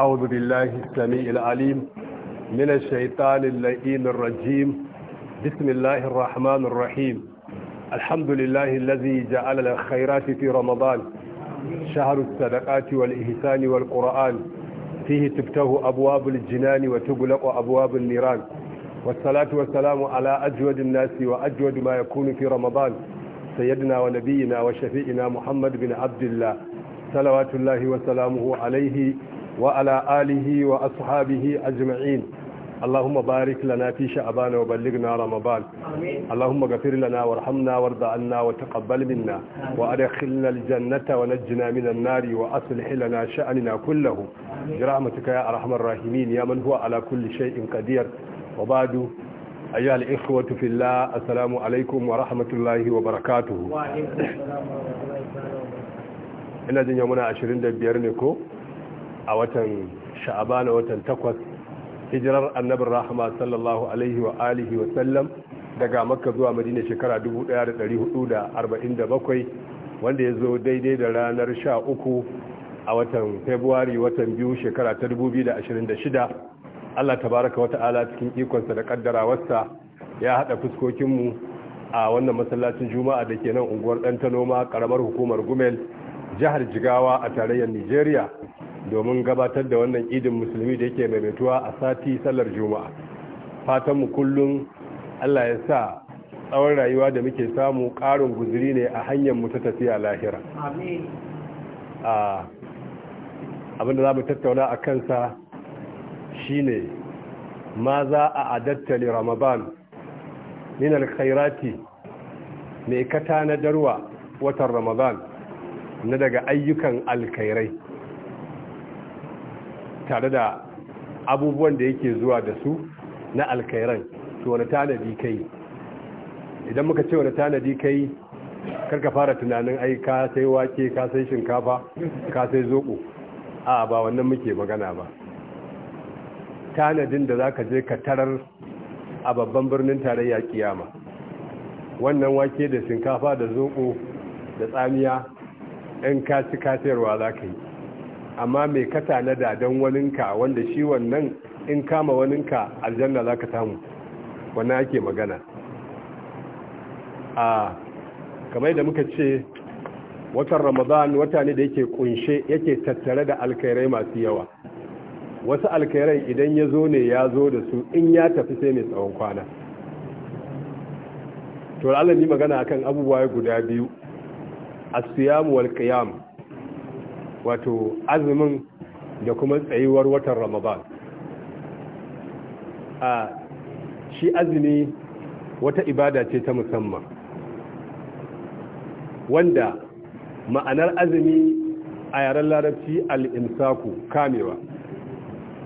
أعوذ بالله السميع العليم من الشيطان اللئيم الرجيم بسم الله الرحمن الرحيم الحمد لله الذي جعل الخيرات في رمضان شهر الصدقات والإحسان والقرآن فيه تفتح أبواب الجنان وتغلق أبواب النيران والصلاة والسلام على أجود الناس وأجود ما يكون في رمضان سيدنا ونبينا وشفيئنا محمد بن عبد الله صلوات الله وسلامه عليه وعلى آله وأصحابه أجمعين اللهم بارك لنا في شعبان وبلغنا رمضان اللهم غفر لنا وارحمنا وارض عنا وتقبل منا وادخلنا الجنة ونجنا من النار واصلح لنا شأننا كله برحمتك يا ارحم الراحمين يا من هو على كل شيء قدير وبعد أيها الإخوة في الله السلام عليكم ورحمة الله وبركاته وعليكم السلام ورحمة الله وبركاته ina jin yau muna 25 ne ko a watan sha'abana watan takwas hijirar annabin rahama sallallahu alaihi wa alihi wa sallam daga makka zuwa madina shekara 1447 wanda ya zo daidai da ranar 13 a watan februari watan biyu shekara ta 2026 allah tabaraka wata ala cikin ikonsa da kaddarawarsa ya haɗa fuskokinmu a wannan masallacin juma'a da ke nan unguwar ɗan ta noma ƙaramar hukumar gumel jihar jigawa a tarayyar nigeria domin gabatar da wannan idin musulmi da yake maimaituwa a sati sallar juma'a fatan mu kullum allah ya sa tsawon rayuwa da muke samu karin guziri ne a hanyar mu ta tafiya lahira abinda za mu tattauna a kansa shine ma za a adatta li ramadan min mai katanadarwa watan ramadan na daga ayyukan alkhairai tare da abubuwan da yake zuwa da su na alkairan to wani tanadi kai idan muka ce wani tanadi kai karka fara tunanin ai ka sai wake ka sai shinkafa ka sai zoko a ba wannan muke magana ba tanadin da za ka je ka tarar a babban birnin tarayya kiyama wannan wake da shinkafa da zoko da tsamiya in ka ci kasayarwa za ka yi amma mai kasa na don waninka wanda shi wannan in kama waninka aljanna za ka samu wani ake magana a kamar da muka ce watan ramadan wata ne da yake kunshe yake tattare da alkairai masu yawa wasu alkairai idan ya zo ne ya zo da su in ya tafi sai mai tsawon kwana to alal magana akan abubuwa guda biyu as-siyam wato azumin da kuma tsayuwar watan ramadan a shi azumi wata ibada ce ta musamman wanda ma'anar azumi a yaren larabci al'imsaku kamewa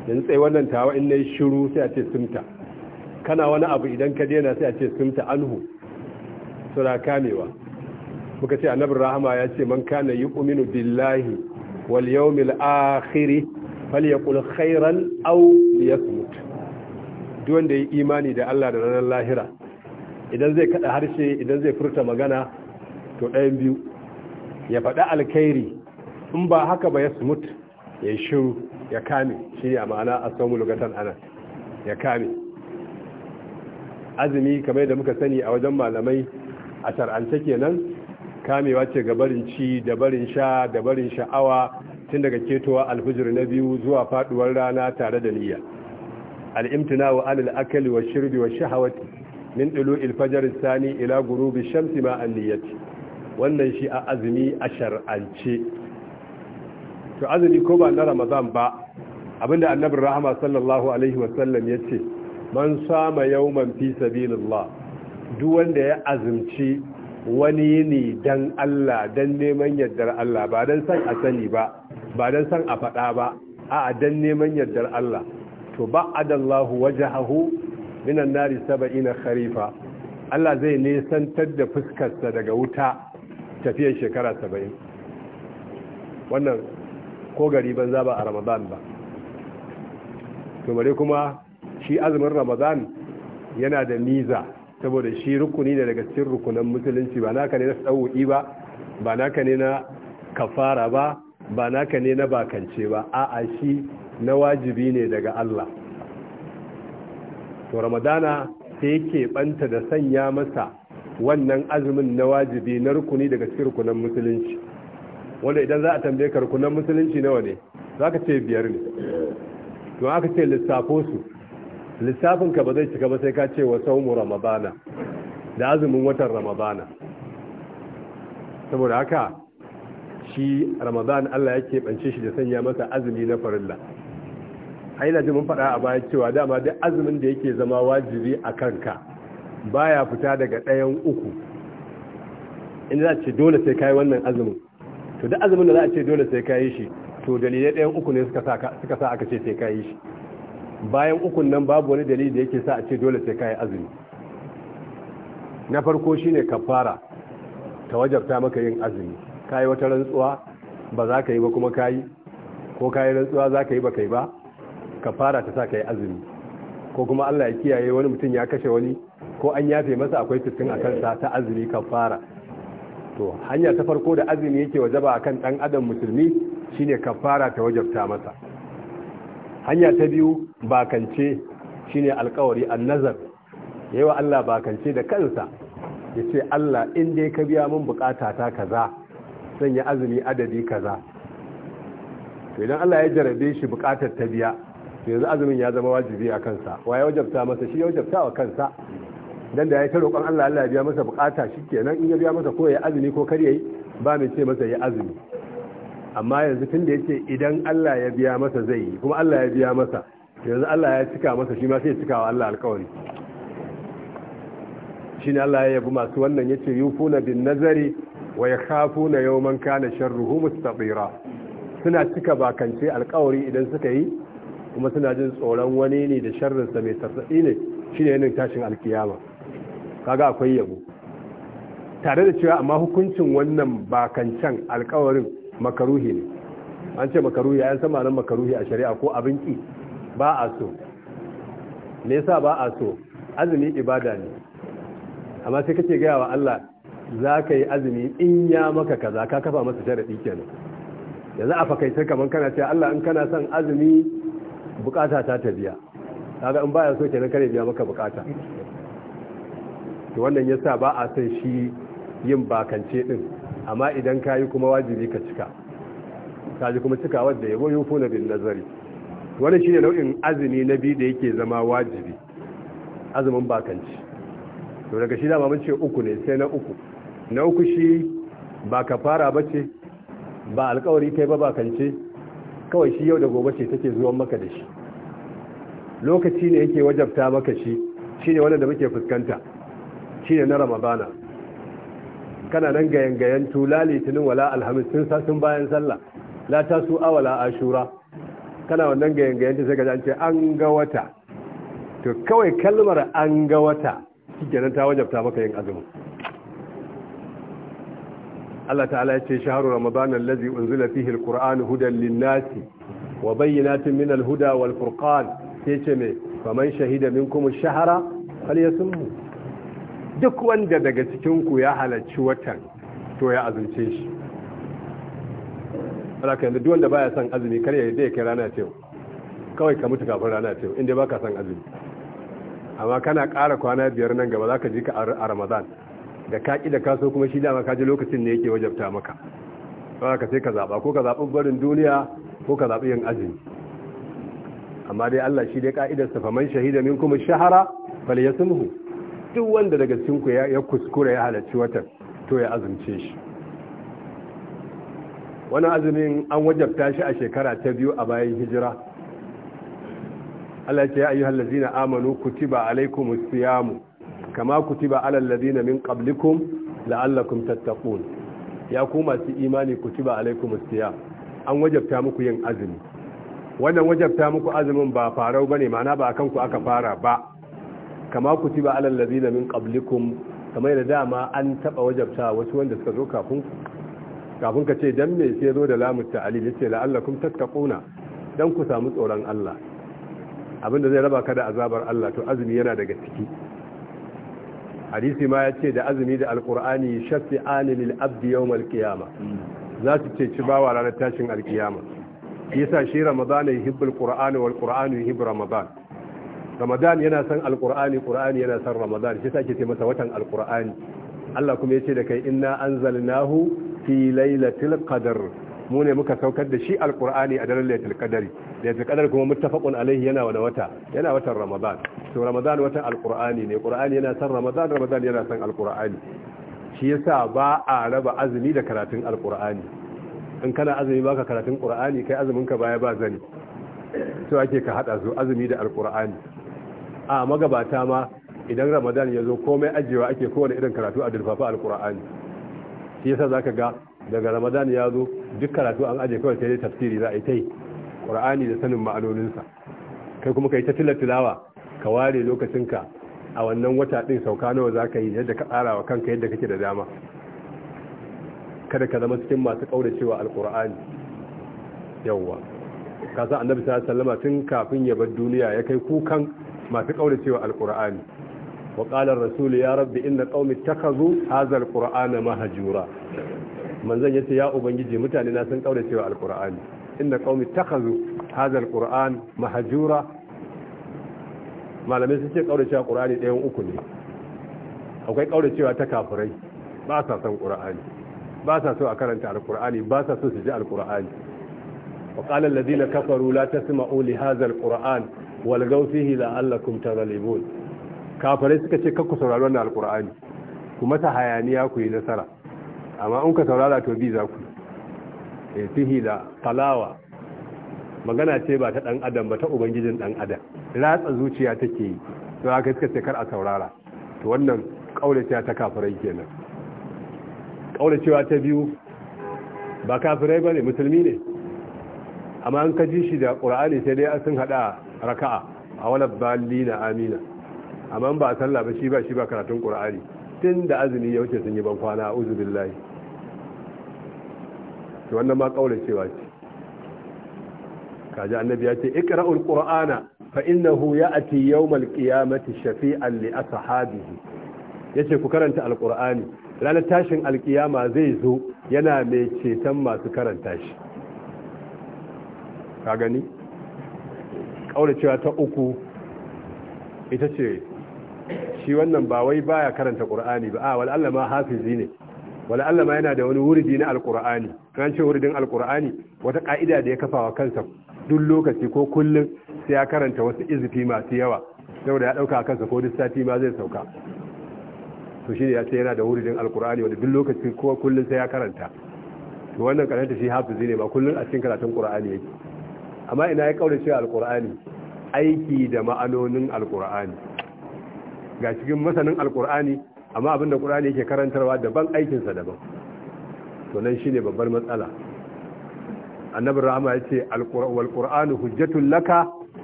yanzu tsaye wannan tawa in na yi shiru sai a ce simta kana wani abu idan ka daina sai a ce simta anhu suna kamewa muka ce annabin rahama ya ce man kana yi uminu billahi wal yawmil akhir falyaqul khairan aw liyasmut duk wanda ya imani da Allah da ranar lahira idan zai kada harshe idan zai furta magana to ɗayan biyu ya faɗa alkhairi in ba haka ba yasmut ya shiru ya kame shi a ma'ana asamu lugatan ana ya kame azumi kamar da muka sani a wajen malamai a tar'ance kenan kamewa ce ga barin ci da barin sha da barin sha'awa tun daga ketowa alfijir na biyu zuwa faduwar rana tare da niyya al wa anil akali wa shirbi wa shahawati min dulu ilfajar sani, ila gurubi shamsi ma an-niyyati wannan shi a azumi a shar'ance to azumi ko ba na ramadan ba abinda annabi rahama sallallahu alaihi wa sallam ce man sama yawman fi sabilillah duk wanda ya azumci wani ne dan Allah dan neman yaddar Allah ba dan san a sani ba ba don san a faɗa ba a dan neman yardar Allah to ba adallahu wajahahu minan nari saba'ina kharifa Allah zai nesantar da fuskarsa daga wuta tafiyar shekara saba'in wannan ko gari banza ba a ramadan ba tumare kuma shi azumin ramadan yana da miza saboda shi rukuni ne daga cikin rukunan musulunci ba naka ne na tsawo'i ba ba naka ne na kafara ba ba naka ne na bakance ba a'a shi na wajibi ne daga Allah to ramadana sai yake banta da sanya masa wannan azumin na wajibi na rukuni daga cikin rukunan musulunci wanda idan za a tambaye ka rukunan musulunci nawa ne za ka ce biyar ne to aka ce lissafo su lissafin ka ba zai cika ba sai ka ce wa saumu ramadana da azumin watan ramadana saboda haka shi ramadan Allah ya keɓance shi da sanya masa azumi na farilla a yi lajimin fada faɗa a baya cewa dama duk azumin da yake zama wajibi a kanka baya fita daga ɗayan uku in za a ce dole sai kayi wannan azumin to duk azumin da za a ce dole sai kayi shi to dalilai ɗayan uku ne suka sa aka ce sai kayi shi bayan ukun nan babu wani dalili da yake sa a ce dole sai kayi azumi na farko shine kafara ta wajabta maka yin azumi ka wata rantsuwa ba za ka yi ba kuma ka ko kayi rantsuwa za ka yi ba kai ba ka fara ta sa ka yi azumi ko kuma Allah ya kiyaye wani mutum ya kashe wani ko an yafe masa akwai fitin a kansa ta azumi ka fara to hanya ta farko da azumi yake wajaba akan ɗan adam musulmi shine fara ta wajabta masa hanya ta biyu bakance shine alkawari annazar wa Allah bakance da kansa ya ce Allah in dai ka biya min bukata ta kaza sanya azumi adadi kaza to idan Allah ya jarabe shi bukatar ta biya to yanzu azumin ya zama wajibi a kansa waye wajabta masa shi ya wajabta wa kansa dan da ya ta roƙon Allah Allah ya biya masa bukata kenan in ya biya masa ko ya azumi ko kar yayi ba mai ce masa ya azumi amma yanzu tun da yace idan Allah ya biya masa zai yi kuma Allah ya biya masa yanzu Allah ya cika masa shi ma sai ya cika wa Allah alƙawari shine Allah ya yabi masu wannan yace yufuna bin nazari wa na yawman kana sharruhu mustatira suna cika bakance alƙawari idan suka yi kuma suna jin tsoron wani ne da sharrinsa mai tarsaɗi ne shine yanin tashin alkiyama kaga akwai yabo tare da cewa amma hukuncin wannan bakancan alkawarin makaruhi ne an ce makaruhi ayan san ma'anar makaruhi a shari'a ko abin ki ba a so me yasa ba a so azumi ibada ne amma sai kake gaya wa Allah za ka yi azumi in ya maka kaza ka kafa masa sharaɗi kenan yanzu a fakaitar kamar kana cewa Allah in kana son azumi bukata ta ta biya kaga in baya so ke nan kare biya maka bukata to wannan sa ba a san shi yin bakance din amma idan ka yi kuma wajibi ka cika kaji kuma cika wanda yabo funa bin nazari wannan shine nau'in azumi na biyu da yake zama wajibi azumin bakanci to daga shi dama mun ce uku ne sai na uku na uku shi ba ka fara ba ce ba alkawari kai ba bakance kawai shi yau da gobe ce take zuwan maka da shi lokaci ne yake wajabta maka shi ne wanda da muke fuskanta shi ne na ramadana kana nan gayan gayan tula litinin wala alhamis sun sassun bayan sallah la tasu awala ashura kana wannan gayan gayan ta sai ka an ce an ga wata to kawai kalmar an ga wata shi ta wajabta maka yin azumi Allah ta'ala ya ce shaharu ramadan allazi unzila fihi alquran hudan lin-nasi wa bayyinatin min al-huda wal-furqan sai ce me faman shahida minkum ash-shahra falyasumhu duk wanda daga cikin ku ya halarci watan to ya azumce shi alaka yanzu duk wanda baya son azumi kar ya dai kai rana ce kawai ka mutu kafin rana ce inda baka son azumi amma kana ƙara kwana biyar nan gaba zaka ji ka a Ramadan da kaki da kaso kuma shi dama kaji lokacin ne yake wajabta maka ba ka sai ka zaɓa ko ka zaɓi barin duniya ko ka zaɓi yin azumi amma dai Allah shi dai ka'idarsa faman shahida minkum kuma shahara falyasmuhu duk wanda daga cikin ku ya kuskura ya halarci watan to ya azumce shi wani azumin an wajabta shi a shekara ta biyu a bayan hijira Allah ya ce ayyuhal ladzina amanu kutiba alaykumus siyamu kama kutiba alal ladina min qablikum la'allakum tattaqun ya ku masu imani kutiba alaikum siyam an wajabta muku yin azumi wannan wajabta muku azumin ba farau bane ma'ana ba akan ku aka fara ba kama kutiba alal ladina min qablikum Kama da dama an taba wajabta wasu wanda suka zo kafin kafin ka ce dan me sai zo da lamu ta'ali yace la'allakum tattaquna dan ku samu tsoron Allah abinda zai raba ka da azabar Allah to azumi yana daga ciki hadisi ma ya ce da azumi da alkur'ani shafi anilil abdi yau malkiyama za su ce ci bawa ranar tashin alkiyama yasa shi ramadan ya hibbi alkur'ani wa qur'ani ya hibbi ramadan ramadan yana san alkur'ani qur'ani yana san ramadan shi sa ke ce masa watan alkur'ani Allah kuma ya ce da kai inna anzalnahu fi lailatul qadr mu ne muka saukar da shi alqur'ani a daren lailatul qadari lailatul kadar kuma muttafaqun alaihi yana wani wata yana watan ramadan to ramadan watan alqur'ani ne qur'ani yana san ramadan ramadan yana san alqur'ani shi yasa ba a raba azumi da karatun alqur'ani in kana azumi baka karatun qur'ani kai azumin ka baya ba zani to ake ka hada su azumi da alqur'ani a magabata ma idan ramadan ya zo komai ajiyewa ake kowane irin karatu a durfafa alkur'ani shi yasa zaka ga daga ramadan ya zo duk karatu an aje kawai sai dai tafsiri za a yi ta yi da sanin ma'anoninsa kai kuma yi ta tilawa ka ware lokacinka a wannan wata din sauka nawa za ka yi yadda ka tsara wa kanka yadda kake da dama kada ka zama cikin masu cewa alqur'ani yawwa ka san annabi sallallahu alaihi tun kafin ya bar duniya ya kai kukan masu kauracewa alqur'ani wa qala ar ya rabbi inna qaumi ittakhadhu hadha al-qur'ana manzon yace ya ubangiji mutane na sun kaure cewa alqur'ani inda qaumi takhazu hadha alqur'an mahjura malamai sun ce kaure cewa qur'ani ɗayan uku ne akwai kaure cewa ta kafirai ba sa san qur'ani ba sa so a karanta alqur'ani ba sa so su ji alqur'ani wa qala alladhina kafaru la tasma'u li hadha alqur'an walgau fihi la'allakum taghlibun kafirai suka ce kakku saurari wannan alqur'ani kuma ta hayaniya ku yi nasara amma in ka saurara to bi za ku e eh, fihi da talawa magana ce ba ta dan adam ba ta ubangijin dan adam ratsa zuciya take yi to haka suka ce kar a saurara to wannan kaulacewa ta kafirai kenan cewa ta biyu ba kafirai bane musulmi ne amma an ka ji shi da qur'ani sai dai sun hada raka'a a wala ballina amina amma ba a sallah ba shi ba shi ba karatun qur'ani tun da azumi ya wuce sun yi ban kwana uzu billahi to wannan ma cewa ce kaji annabi ya ce iqra'ul qur'ana fa innahu ya'ti yawmal qiyamati shafi'an li ashabihi yace ku karanta alqur'ani ranar tashin alkiyama zai zo yana mai ceton masu karanta shi ka gani cewa ta uku ita ce shi wannan ba wai baya karanta qur'ani ba a wal allama hafizi ne wal allama yana da wani wuridi na alqur'ani kan ce wuridin alkur'ani wata ka'ida da ya kafa wa kansa duk lokaci ko kullum sai ya karanta wasu izifi masu yawa saboda ya dauka kansa ko duk sati ma zai sauka to shine ya ce yana da wurin alkur'ani wanda duk lokaci ko kullum sai ya karanta to wannan karanta shi hafizi ne ba kullum a cikin karatun qur'ani yake amma ina ya kaurace alkur'ani aiki da ma'anonin alkur'ani ga cikin masanin alkur'ani amma abinda qur'ani yake karantarwa daban aikinsa daban to nan shine babbar matsala annabi rahama yace alqur'an qur'anu hujjatul laka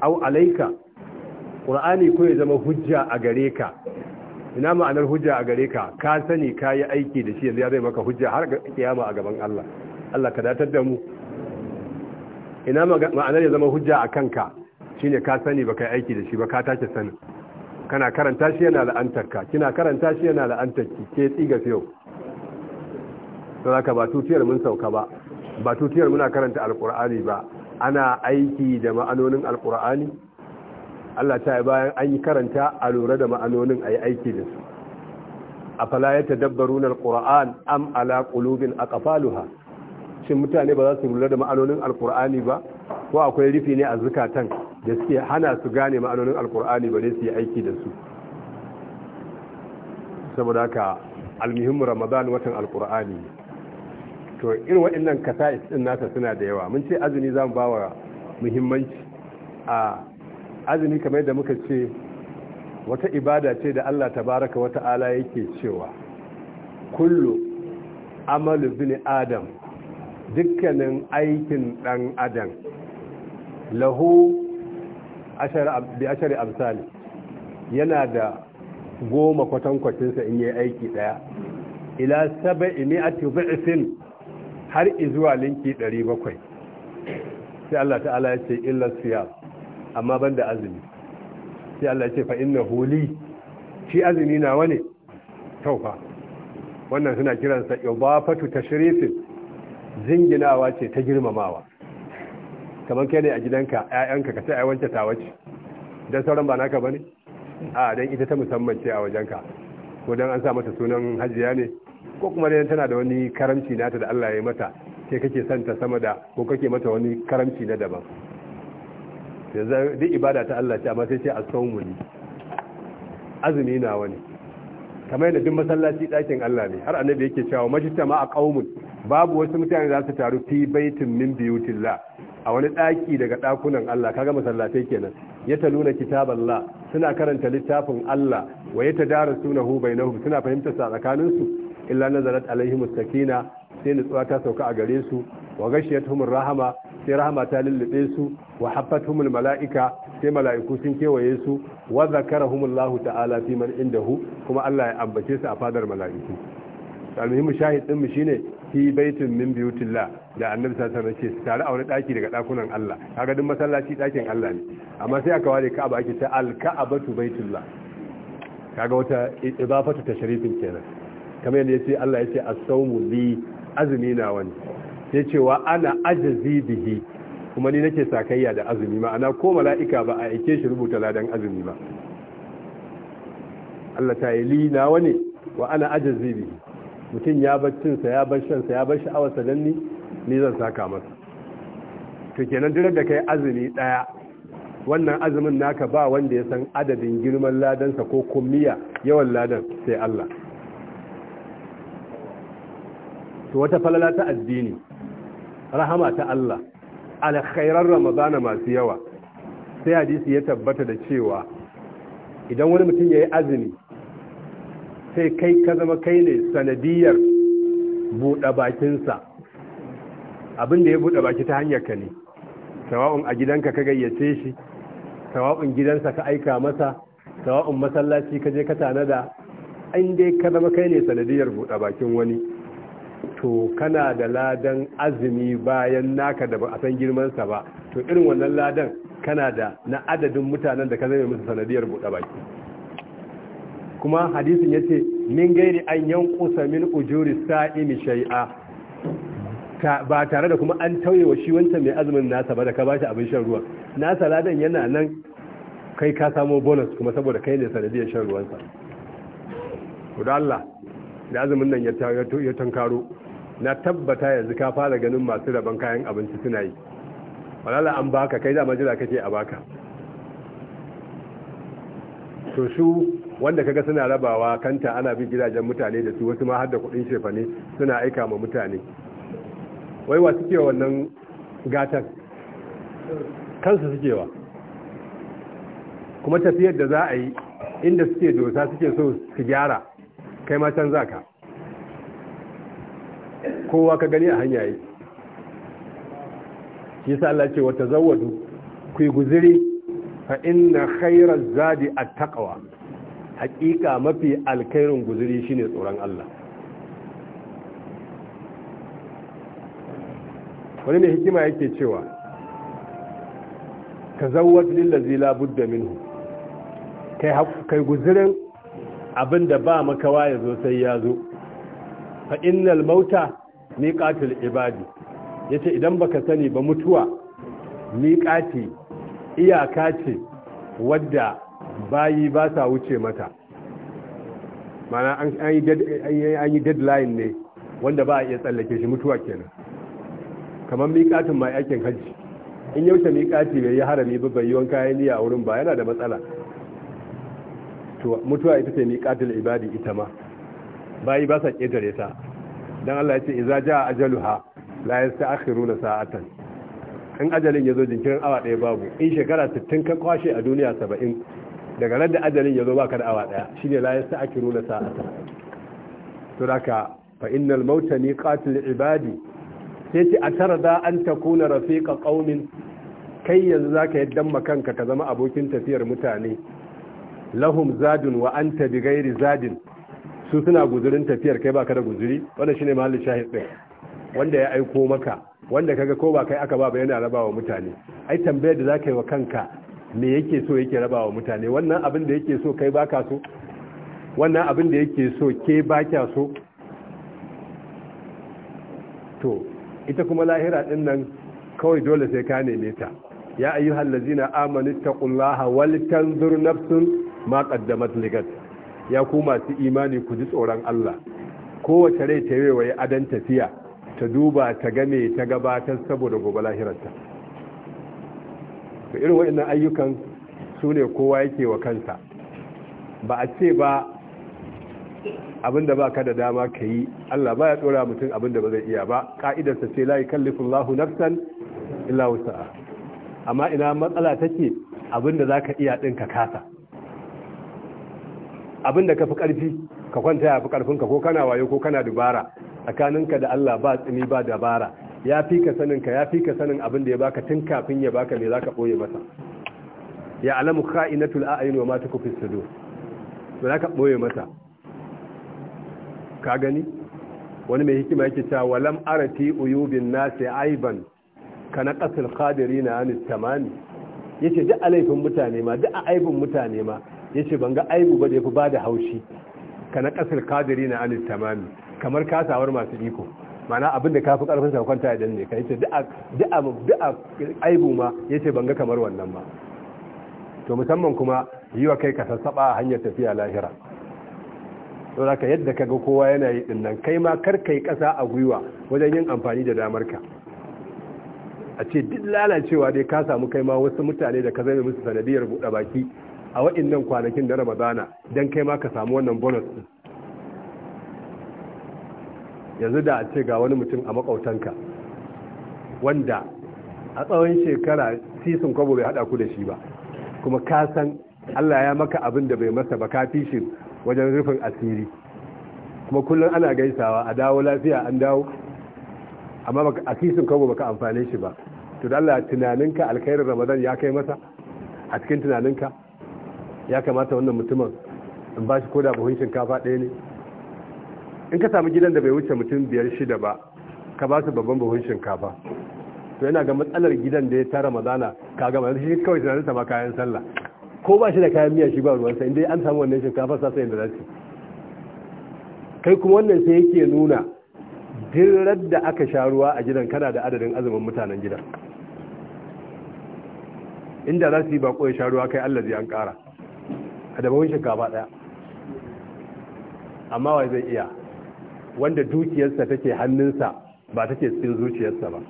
aw alayka qur'ani ko ya zama hujja a gare ka ina ma'anar hujja a gare ka ka sani ka yi aiki da shi yanzu ya zai maka hujja har ga kiyama a gaban Allah Allah ka datar da mu ina ma'anar ya zama hujja a kanka shine ka sani baka yi aiki da shi ba ka take sanin kana karanta shi yana la'antarka kina karanta shi yana la'antarki ke tsiga fiyo? saboda ba tutiyar mun sauka ba ba tutiyar muna karanta alkur'ani ba ana aiki da ma'anonin alkur'ani Allah ta yi bayan an yi karanta a lura da ma'anonin a yi aiki da su a fala ya tadabbaru na alkur'an am ala kulubin qulubin aqfaluha shin mutane ba za su lura da ma'anonin alkur'ani ba ko akwai rufi ne a zukatan da suke hana su gane ma'anonin alkur'ani ba ne su yi aiki da su saboda haka almihimmu ramadan watan alkur'ani to irin waɗannan kasa'is ɗin nasa suna da yawa mun ce azumi za mu ba wa muhimmanci a azumi kamar da muka ce wata ibada ce da Allah ta tabaraka wa ta'ala yake cewa kullu amalu bin adam dukkanin aikin ɗan adam lahu bi ashari amsali yana da goma kwatankwacinsa in yi aiki ɗaya ila saba'i mi'ati isin. har izuwa linki 700 sai Allah ta'ala ya ce illa siya, amma banda azumi sai Allah ya ce fa inna huli shi azumi na wane taufa wannan suna kiransa ibafatu tashrifin zinginawa ce ta girmamawa kamar kai ne a gidanka ƴaƴanka ka ce ai wanke ta wace dan sauran ba naka bane a dan ita ta musamman ce a wajenka ko dan an sa mata sunan hajiya ne ko kuma dai tana da wani karamci na ta da Allah ya mata sai kake santa sama da ko kake mata wani karamci na daban yanzu duk ibada ta Allah ce amma sai ce as-sawmu azumi na wani kamar yadda duk masallaci ɗakin Allah ne har annabi yake cewa ma a qaumun babu wasu mutane za su taru fi baitin min biyutillah a wani ɗaki daga ɗakunan Allah kaga masallatai kenan ya ta taluna kitaballah suna karanta littafin Allah wa ya tadarasunahu bainahum suna fahimtar sa tsakaninsu illa nazarat alaihi sakina sai nutsuwa ta sauka a gare su wa gashiyatuhum rahama sai rahama ta lullube su wa haffatuhum malaika sai mala'iku sun kewaye su wa zakarahumullahu ta'ala fi man indahu kuma Allah ya ambace su a fadar mala'iku almuhimu shahid din mu shine fi baitin min biyutillah da annabi sallallahu alaihi wasallam ce tare a daki daga dakunan Allah kaga duk masallaci dakin Allah ne amma sai aka ware Ka'aba ake ta al-Ka'abatu baitullah kaga wata idafatu tashrifin kenan kamar yadda ce Allah ya yace a saumu li azumi na wani Ya ce wa ana ajazi bihi kuma ni nake sakayya da azumi ma'ana ko mala'ika ba a aike shi rubuta ladan azumi ba Allah ta yi li na wani wa ana ajazi bihi mutum ya bar cinsa ya bar shansa ya bar sha'awar dan ni ni zan saka masa to kenan duk da kai azumi daya wannan azumin naka ba wanda ya san adadin girman ladansa ko kummiya yawan ladan sai Allah to wata falala ta addini rahama ta Allah alkhairar ramadana masu yawa sai hadisi ya tabbata da cewa idan wani mutum ya yi azumi sai kai ka zama kai ne sanadiyar buɗe bakinsa abin ya buɗe baki ta hanyar ka ne sawa'un a gidanka ka gayyace shi sawa'un gidansa ka aika masa sawa'un masallaci ka je ka tanada in dai ka zama kai ne sanadiyar buɗe bakin wani to kana da ladan azumi bayan naka da ba a san girmansa ba to irin wannan ladan kana da na adadin mutanen da ka zame musu sanadiyar buɗe baki kuma hadisin ya ce min gairi an yankusa min ujuri sa'imi shai'a ba tare da kuma an tauye wa shi wancan mai azumin nasa ba da ka ba shi abin shan ruwan nasa ladan yana nan kai ka samo bonus kuma saboda kai ne sanadiyar shan ruwansa. Allah da azumin nan ya tankaro na tabbata yanzu ka fara ganin masu rabon kayan abinci suna yi walala an baka kai dama jira kake a baka to su wanda kaga suna rabawa kanta ana bin gidajen mutane da su wasu ma har da kudin shefa suna aika ma mutane wai wa suke wannan gatan kansu suke wa kuma tafiyar da za a yi inda suke dosa suke so su gyara kai ma can ka, kowa ka gani a hanya shi sa Allah ce wata zawadu ku yi guziri fa inna khairar zadi a takawa haƙiƙa mafi alkhairin guziri shine tsoron Allah wani mai hikima yake cewa ka zawadu lillazi labudda minhu kai guzirin abin da ba makawa ya zo sai ya zo fa innal mauta miqatul ibadi yace idan baka sani ba mutuwa miqati iyaka ce wadda bayi ba sa wuce mata mana an yi deadline ne wanda ba a iya tsallake shi mutuwa kenan kamar miƙatin mai aikin hajji in yaushe miƙati bai yi harami ba bai yi wanka ya a wurin ba yana da matsala to mutuwa ita ce miqatul ibadi ita ma bayi ba sa ƙetare ta don Allah ya ce idza jaa ajaluha la yasta'khiruna sa'atan in ajalin ya zo jinkirin awa daya babu in shekara 60 ka kwashe a duniya 70 daga ran da ajalin ba ka da awa daya shine la yasta'khiruna sa'atan to haka fa innal mauta miqatul ibadi sai ce a tara za an takuna rafiqa qaumin kai yanzu zaka yaddan makanka ka zama abokin tafiyar mutane lahum zadun wa anta bi ghairi zadin su suna guzurin tafiyar kai baka da guzuri wannan shine mahallin shahid din wanda ya aiko maka wanda kaga ko ba kai aka ba ba yana rabawa mutane ai tambayar da zaka yi wa kanka me yake so yake rabawa mutane wannan abin da yake so kai baka so wannan abin da yake so ke baka so to ita kuma lahira din nan kawai dole sai ka neme ta ya ayyuhallazina amanu taqullaha wal tanzur nafsun ma kaddamat ligat ya ku masu imani ku ji tsoron Allah kowace rai ta yi adan tafiya ta duba ta game ta gabatar saboda gobe lahirarta to irin waɗannan ayyukan su ne kowa yake wa kansa ba a ce ba abinda ba ka da dama ka yi Allah ba ya tsora mutum abinda ba zai iya ba ka'idarsa ce layi kallifin lahu nafsan illa wusa'a amma ina matsala take abinda za ka iya ɗin ka kasa abin da ka fi ƙarfi ka kwanta ya fi ƙarfinka ko kana wayo ko kana dubara tsakaninka da Allah ba tsini ba dabara ya fi ka sanin ka ya fi ka sanin abin da ya baka tun kafin ya baka me zaka boye masa ya alamu kha'inatul a'yun wa ma tukfi sudur me zaka boye masa ka gani wani mai hikima yake cewa walam arati uyubin nasi aiban Kadiri na qadirina anit tamami yace duk alaifin mutane ma duk aibin mutane ma yace ban ga aibu ba da ba da haushi Ka na ƙasar kadiri na anis tamami kamar kasawar masu iko mana abin da kafi karfin sa kwanta idan ne Ka yi ce da'a aibu ma ce ban ga kamar wannan ba to musamman kuma yi wa kai ka sassaɓa a hanyar tafiya lahira to yadda yadda ga kowa yana yi dinnan kai ma kar ka yi kasa a gwiwa wajen yin amfani da damar ka a ce duk lalacewa dai ka samu kai ma wasu mutane da ka zame musu sanadiyar buɗe baki a waɗannan kwanakin da ramadana don kai ma ka samu wannan bonus ɗin yanzu da a ce ga wani mutum a makautanka wanda a tsawon shekara sisin kwabo bai haɗa ku da shi ba kuma ka san allah ya maka abin da bai masa ba ka fi shi wajen rufin asiri kuma kullum ana gaisawa a dawo lafiya an dawo amma a sisin kwabo baka amfane shi ba to da allah tunaninka alkhairin ramadan ya kai masa a cikin tunaninka ya kamata wannan mutumin in ba shi koda buhun shinkafa ɗaya ne in ka samu gidan da bai wuce mutum biyar shida ba ka ba su babban buhun shinkafa to yana ga matsalar gidan da ya tara mazana ka gama shi kawai tunanin sama kayan sallah ko ba shi da kayan miya shi ba ruwan sa inda an samu wannan shinkafa sa sai da zaki kai kuma wannan sai yake nuna dirar da aka sha ruwa a gidan kana da adadin azumin mutanen gidan inda za su yi bako ya sha ruwa kai Allah zai an kara a dabawun ba daya amma wai zai iya wanda dukiyarsa take hannunsa ba take cikin zuciyarsa ba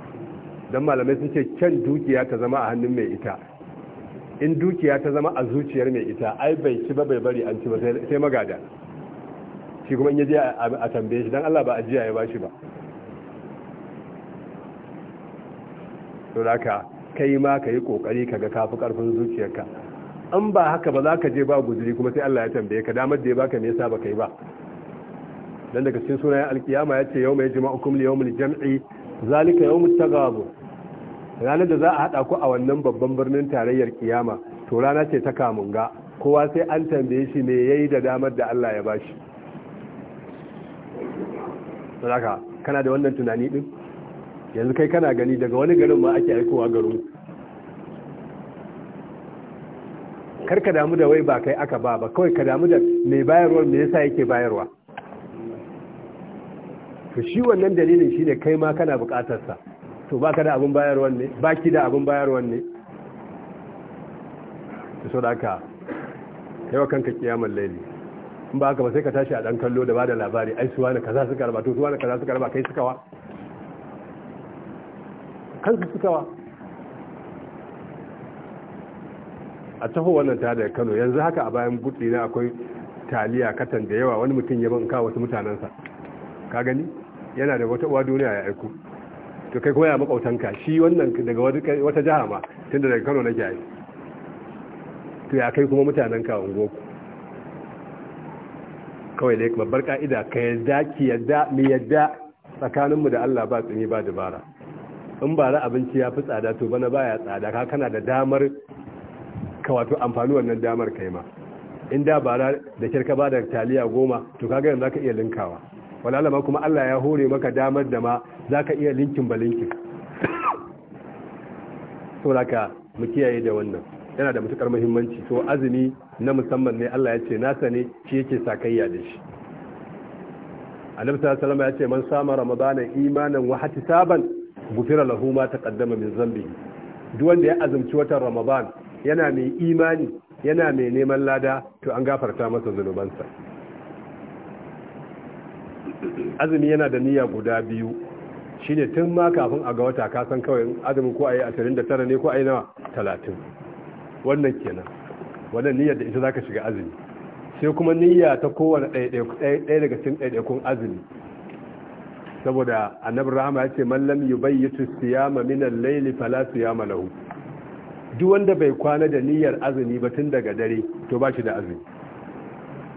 don malamai sun ce kyan dukiya ta zama a hannun mai ita in dukiya ta zama a zuciyar mai ita ai bai ci ba bai bari an ci ba sai magada shi kuma in yaje a tambaye shi dan Allah ba ajiya ya bashi ba to ka kai ma ka yi kokari kaga kafi karfin zuciyarka an ba haka ba za ka je ba guzuri kuma sai Allah ya tambaye ka damar da ya baka me yasa baka yi ba dan daga cikin sunayen alkiyama ya ce yawma yajma'ukum li yawmil jam'i zalika yawmut tagabu ranar da za a hada ku a wannan babban birnin tarayyar kiyama to rana ce ta ga, kowa sai an tambaye shi me yayi da damar da Allah ya bashi saboda kana da wannan tunani din yanzu kai kana gani daga wani garin ma ake aikowa garin kar ka damu da wai ba kai aka ba ba kawai ka damu da mai bayarwa me yasa yake bayarwa to shi wannan dalilin shine kai ma kana bukatar sa to baka da abun bayarwa ne baki da abun bayarwa ne to so daka kai wa kanka kiyamar laili in ba haka ba sai ka tashi a dan kallo da bada labari ai suwa na kaza suka raba to suwa na kaza suka raba kai suka wa kanka suka wa a taho wannan ta daga kano yanzu haka a bayan butse na akwai taliya katan da yawa wani mutum ya banka wasu mutanensa ka gani yana da wata uwa duniya ya aiko to kai kuma ya makautanka shi wannan daga wata jiha ma tun da daga kano nake yi to ya kai kuma mutanen a ungoku kawai dai babbar ka'ida ka yadda ki yadda mi yadda tsakaninmu da Allah ba tsini ba dabara in ba ra abinci ya fi tsada to bana baya tsada ka kana da damar ka wato amfani wannan damar kai ma in da bara da kirka ba da taliya goma to kaga yanzu zaka iya linkawa walala ma kuma Allah ya hore maka damar da ma zaka iya linkin ba linkin to laka mu kiyaye da wannan yana da matukar muhimmanci to azumi na musamman ne Allah ya ce nasa ne shi yake sakayya da shi annabi sallallahu alaihi ya ce man sama ramadana imanan wa hatisaban gufira lahu ma taqaddama min zambihi duk wanda ya azumci watan ramadan yana mai imani yana mai neman lada to an gafarta masa zunubansa azumi yana da niyya guda biyu Shi ne tun ma kafin a ga wata kasan san kawai azumin ko a da 29 ne ko a yi nawa 30 wannan kenan wannan niyya da ita "Za ka shiga azumi sai kuma niyya ta kowane ɗaya daga cikin ɗaiɗaikun azumi saboda annabi rahama ya ce mallam yi yubayyitu siyama min laili layli fala siyama lahu duk wanda bai kwana da niyyar azumi ba tun daga dare to ba shi da azumi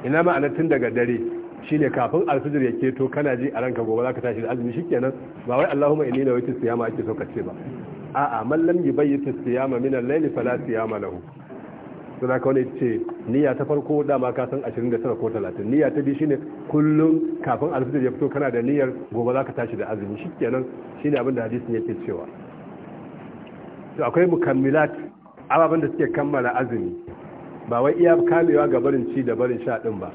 ina ma'ana tun daga dare shi ne kafin alfijir ya keto kana ji a ranka gobe za ka tashi da azumi kenan, ba wai Allahumma inni nawaitu siyama ake so ba a'a yi lam ta siyama min al-layli fala siyama lahu to ka kawai ce niyya ta farko dama ka san 29 ko 30 niyya ta biyu shine kullum kafin alfijir ya fito kana da niyyar gobe za ka tashi da azumi shi shine abin da hadisin yake cewa to akwai mukammilat ababen da suke kammala azumi ba wai iya kamewa ga barin ci da barin sha din ba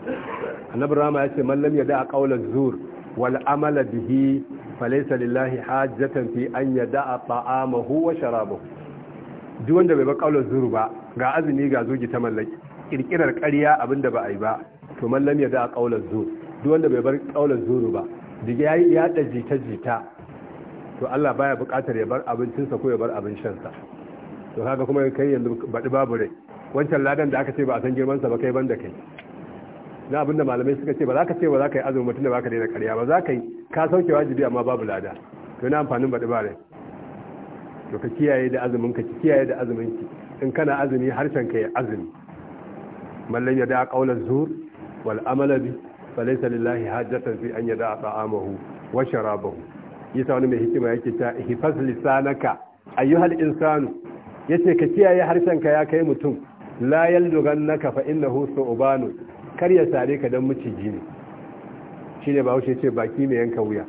annabi rama ya ce mallam ya qaulaz zur wal amala bihi falaysa lillahi hajjatan fi an yada ta'amahu wa sharabahu duk wanda bai ba qaulaz zur ba ga azumi ga zuji ta mallaki kirkirar ƙarya abinda ba a yi ba to mallam ya qaulaz zur duk wanda bai bar qaulaz zur ba diga yayi ya jita jita to Allah baya bukatar ya bar abincinsa ko ya bar abin shansa to kaga kuma kai yanzu baɗi babu rai wancan ladan da aka ce ba a san girmansa ba kai ban da kai na abin da malamai suka ce ba za ka ce ba za ka yi azumi mutum da ba ka daina karya ba za ka yi ka sauke wajibi amma babu lada to na amfanin baɗi ba rai to ka kiyaye da azumin ka ki kiyaye da azumin ki in kana azumi harshen ka azumi mallan ya da qaulan zuhur, wal amala bi falaysa lillahi hajjatan fi an yada ta'amahu wa sharabahu yasa wani mai hikima yake ta hifaz lisanaka ayyuhal insanu yace ka kiyaye harshenka ya kai mutum la yaldughannaka fa innahu su'banu kar ya sare ka dan miciji ne shi shine bahaushe yace baki ne yanka wuya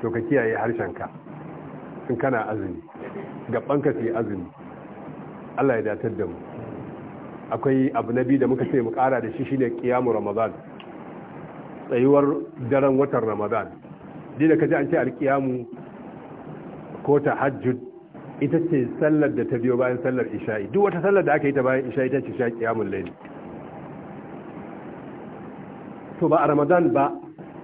to ka kiyaye harshenka in kana azumi gabanka sai azumi Allah ya datar da mu akwai abu na biyu da muka ce mu kara da shi shine qiyamu ramadan tsayuwar daren watan ramadan dina kaji an ce alqiyamu ko ta hajjud ita ce sallar da ta biyo bayan sallar isha'i duk wata sallar da aka yi ta bayan isha'i ta ce sha yamun laili to ba a ramadan ba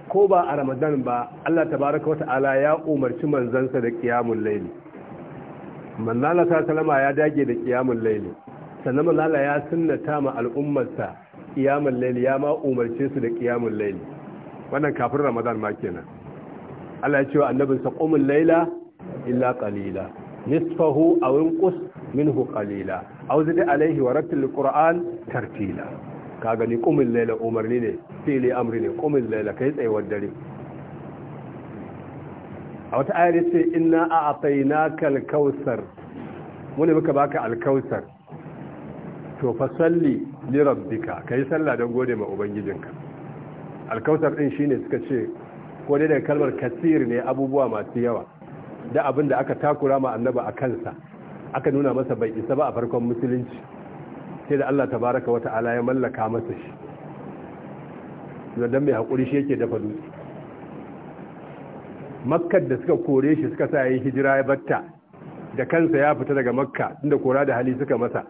ko ba a ramadan ba Allah ta wata ala ya umarci manzansa da ƙiyamun laili manzana ta salama ya dage da ƙiyamun laili sannan manzana ya sunnata ma al'ummarsa ƙiyamun laili ya ma umarce su da ƙiyamun laili wannan kafin ramadan ma kenan Allah ya ce wa annabinsa ƙumin laila illa ƙalila nisfahu aw inqus minhu qalila aw zid alayhi wa rattil qur'an tartila ka gani qumil layla umarni ne fili amri ne qumil layla kai tsayawar dare a wata ayar yace inna a'tainaka al-kautsar mune muka baka al-kautsar to fa salli li rabbika kai sallah don gode ma ubangijinka al-kautsar din shine suka ce ko dai daga kalmar kasir ne abubuwa masu yawa da abin da aka takura ma annaba a kansa aka nuna masa bai isa ba a farkon musulunci sai da Allah tabaraka wa ta'ala ya mallaka masa shi don mai hakuri shi yake dafa dutse makkar da suka kore shi suka sa yi hijira ya batta da kansa ya fita daga makka inda kora da hali suka masa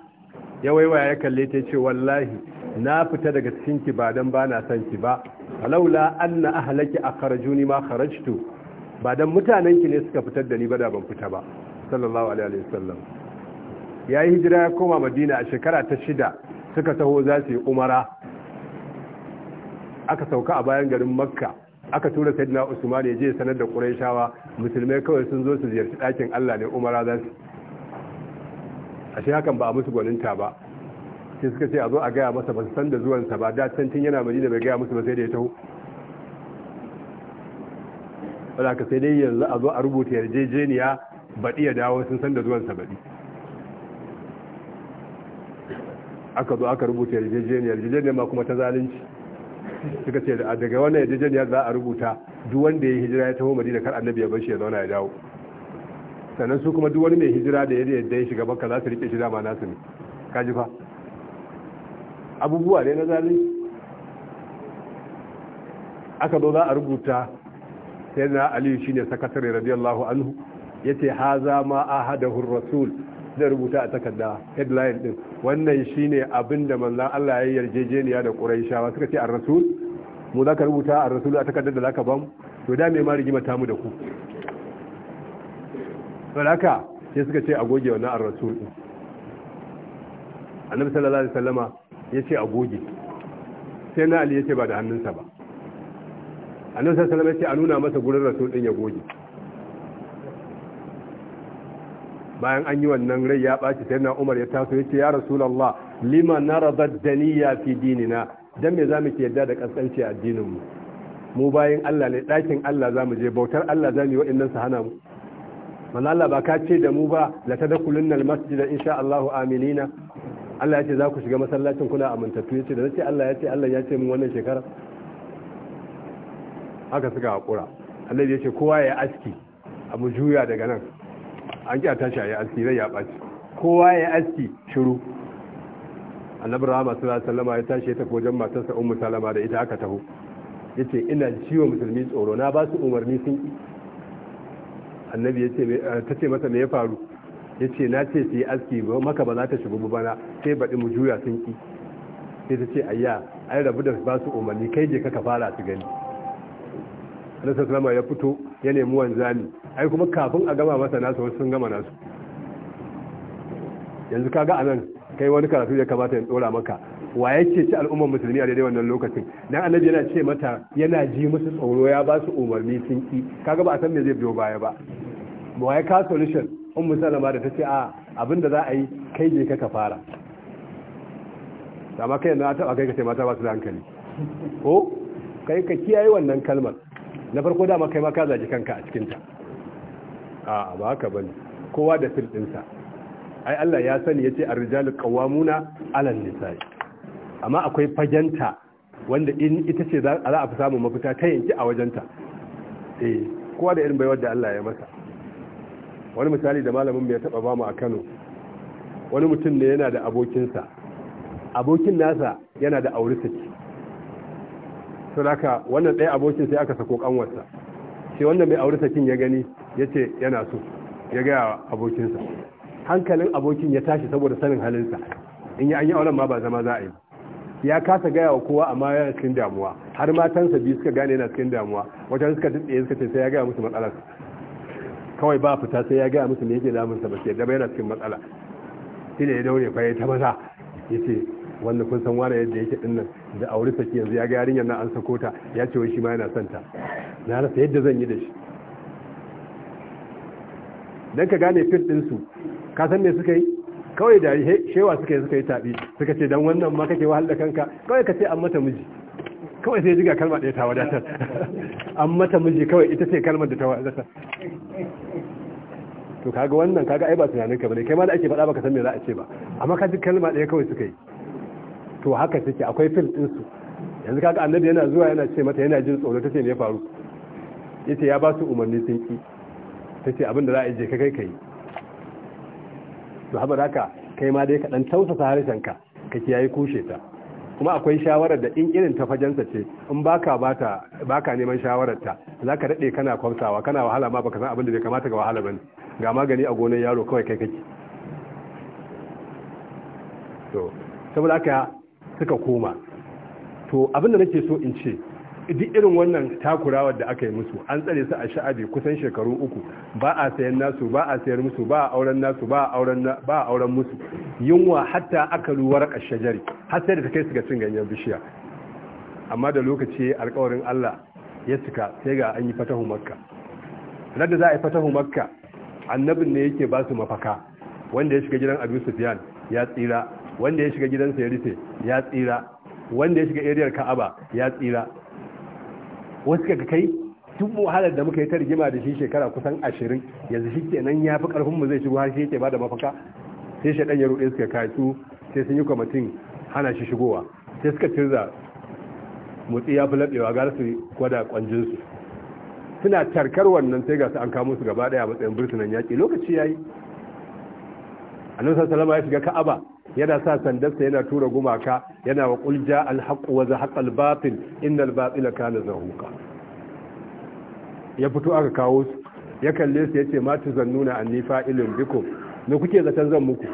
ya waiwaya ya kalle ta ce wallahi na fita daga cikin ki ba dan ba na san ki ba alaula anna ahlaki juni ma kharajtu ba don mutanenki ne suka fitar da ni ba da ban fita ba sallallahu alaihi wasallam yi hijira ya koma madina a shekara ta shida suka taho za su yi umara aka sauka a bayan garin makka aka tura sayyidina usman ya je sanar da qurayshawa musulmai kawai sun zo su ziyarci ɗakin Allah ne umara za su ashe hakan ba a musu gwaninta ba sai suka ce a zo a gaya masa ba san da zuwansa ba da can yana madina bai gaya musu ba sai da ya taho wadda ka sai dai yanzu a zo a rubuta yarjejeniya baɗi ya dawo sun san da zuwansa baɗi aka zo aka rubuta yarjejeniya yarjejeniya ma kuma ta zalunci suka ce daga wannan yarjejeniya za a rubuta duk wanda ya hijira ya taho madina kar annabi ya bar shi ya zauna ya dawo sannan su kuma duk wani mai hijira da ya yadda ya shiga baka za su rike shi dama nasu ne kaji fa abubuwa ne na zalunci aka zo za a rubuta sai na aliyu shi ne sakatare radiyallahu anhu ya ce haza ma ahadahur rasul zai rubuta a takarda headline din wannan ne abin da manzan Allah ya yi yarjejeniya da ƙurai shawa suka ce a rasul mu za ka rubuta a rasul a takardar da za ka bamu to da me ma rigima ta mu da ku to haka sai suka ce a goge wannan a rasul din annabi sallallahu alaihi wasallama ya ce a goge sai na ali ya ce ba da hannunsa ba annabi sallallahu alaihi wasallam ya ce a nuna masa gurin rasul din ya goge bayan an yi wannan rai ya ɓaci sai na umar ya taso ya ce ya rasulallah lima na rabar daniya fi dinina don me za mu ke yadda da ƙasƙanci a addininmu mu bayan allah ne ɗakin allah za mu je bautar allah za mu yi waɗannan su hana mu manzo allah ba ka ce da mu ba la tadkhulunna almasjida insha allah aminina allah ya ce za ku shiga masallacin kuna amintattu ya ce da nace allah ya ce allah ya ce mu wannan shekara haka suka haƙura annabi ya ce kowa ya aski a mu juya daga nan an ƙi a tashi a yi aski zai ya ɓaci kowa ya aski shiru annabi rahama sallallahu sallama ya tashi ya tafi wajen matarsa ummu salama da ita aka taho ya ce ina ciwo musulmi tsoro na ba su umarni sun ƙi annabi eh, ta ce masa me ya faru ya ce na ce su yi aski maka ba za ta shigo bana sai baɗi mu juya sun ƙi sai ta ce ayya ai rabu da ba su umarni kai je ka fara su gani annabi ya fito ya nemi wanzami ai kuma kafin a gama masa nasu wasu sun gama nasu yanzu kaga anan kai wani karatu ya kamata ya dora maka wa yake ci al'ummar musulmi a daidai wannan lokacin dan annabi yana ce mata yana ji musu tsoro ya ba su umarni sun ki kaga ba a san me zai biyo baya ba ba ya ka solution ummu salama da tace a abinda za a yi kai je ka fara amma kai na taba kai ka ce mata ba su da hankali ko kai ka kiyaye wannan kalmar na farko dama kai ma ka zaji kanka a cikinta a ba haka ba ne kowa da fil ɗinsa ai Allah ya sani ya ce a rijalu kawamuna alal nisa'i amma akwai fagenta wanda in ita ce za a fi samu mafita ta yanki a wajenta eh kowa da irin baiwa da Allah ya masa wani misali da malamin mu ya taba bamu a Kano wani mutum ne yana da abokinsa abokin nasa yana da aure to wannan ɗaya abokin sai aka sako ƙanwarsa sai wannan mai aure sakin ya gani ya ce yana so ya gaya abokinsa hankalin abokin ya tashi saboda sanin halinsa in yi an yi auren ma ba zama za a yi ya kasa gaya wa kowa amma yana cikin damuwa har matansa biyu suka gane yana cikin damuwa wajen suka tsaye suka ce sai ya gaya musu matsalar kawai ba fita sai ya gaya musu me yake damunsa ba sai da yana cikin matsala shi ne ya daure fa ya ta maza ya ce wanda kun san wani yadda yake dinnan da aure saki yanzu ya ga yarinyar na an sako ta ya ce wai shi ma yana son ta na rasa yadda zan yi da shi dan ka gane fit din su ka san me suka yi kawai da shewa suka yi suka yi tabi suka ce dan wannan ma kake wahala kanka kawai ka ce an mata miji kawai sai jiga kalma ɗaya ta wadatar an mata miji kawai ita ce kalmar da ta wadatar to kaga wannan kaga ai ba tunanin ka bane kai ma da ake faɗa baka san me za a ce ba amma ka ji kalma ɗaya kawai suka yi to haka suke akwai fil ɗinsu yanzu kaga annabi yana zuwa yana ce mata yana jin tsoro tace me ya faru yace ya ba su umarni sun ki tace abin da za a je ka kai kai to haba haka kai ma dai ka ɗan tausasa harshen ka Ka kiyaye kushe ta kuma akwai shawarar da in irin ta fajensa ce in baka bata baka neman shawarar ta za ka daɗe kana kwamsawa kana wahala ma baka san abin da bai kamata ga wahala bane ga magani a gonar yaro kawai kai kake to saboda haka suka koma to abin abinda nake so in ce duk irin wannan takurawar da aka yi musu an tsare su a sha'abi kusan shekaru uku ba a sayan nasu ba a sayar musu ba a auren nasu ba a auren musu yunwa hatta aka ruwar jari har sai da ta kai su ga cin ganyen bishiya amma da lokaci alkawarin Allah ya cika sai ga an yi fatahu makka radda za a yi fatahu makka annabin ne yake ba su mafaka wanda ya shiga gidan Abu Sufyan ya tsira wanda ya shiga gidansa ya rufe ya tsira wanda ya shiga ariyar ka'aba ya tsira wasu ka kai duk wahalar da muka yi ta rigima da shi shekara kusan ashirin yanzu shi kenan ya fi karfin mu zai shigo har shi yake ba da mafaka sai shi ya ruɗe suka kasu sai sun yi kwamitin hana shi shigowa sai suka cirza motsi ya fi laɓewa gara su gwada kwanjinsu suna tarkar wannan sai ga su an kamo su gaba ɗaya a matsayin birtunan yaƙi lokaci ya yi annabi sallallahu ya shiga ka'aba yana sa sandarsa yana tura gumaka yana wa kulja alhaqu wa zahaqa albatil innal batila kana zahuka ya fito aka kawo su ya kalle su yace ma tuzannuna anni fa'ilun bikum me kuke zaton zan muku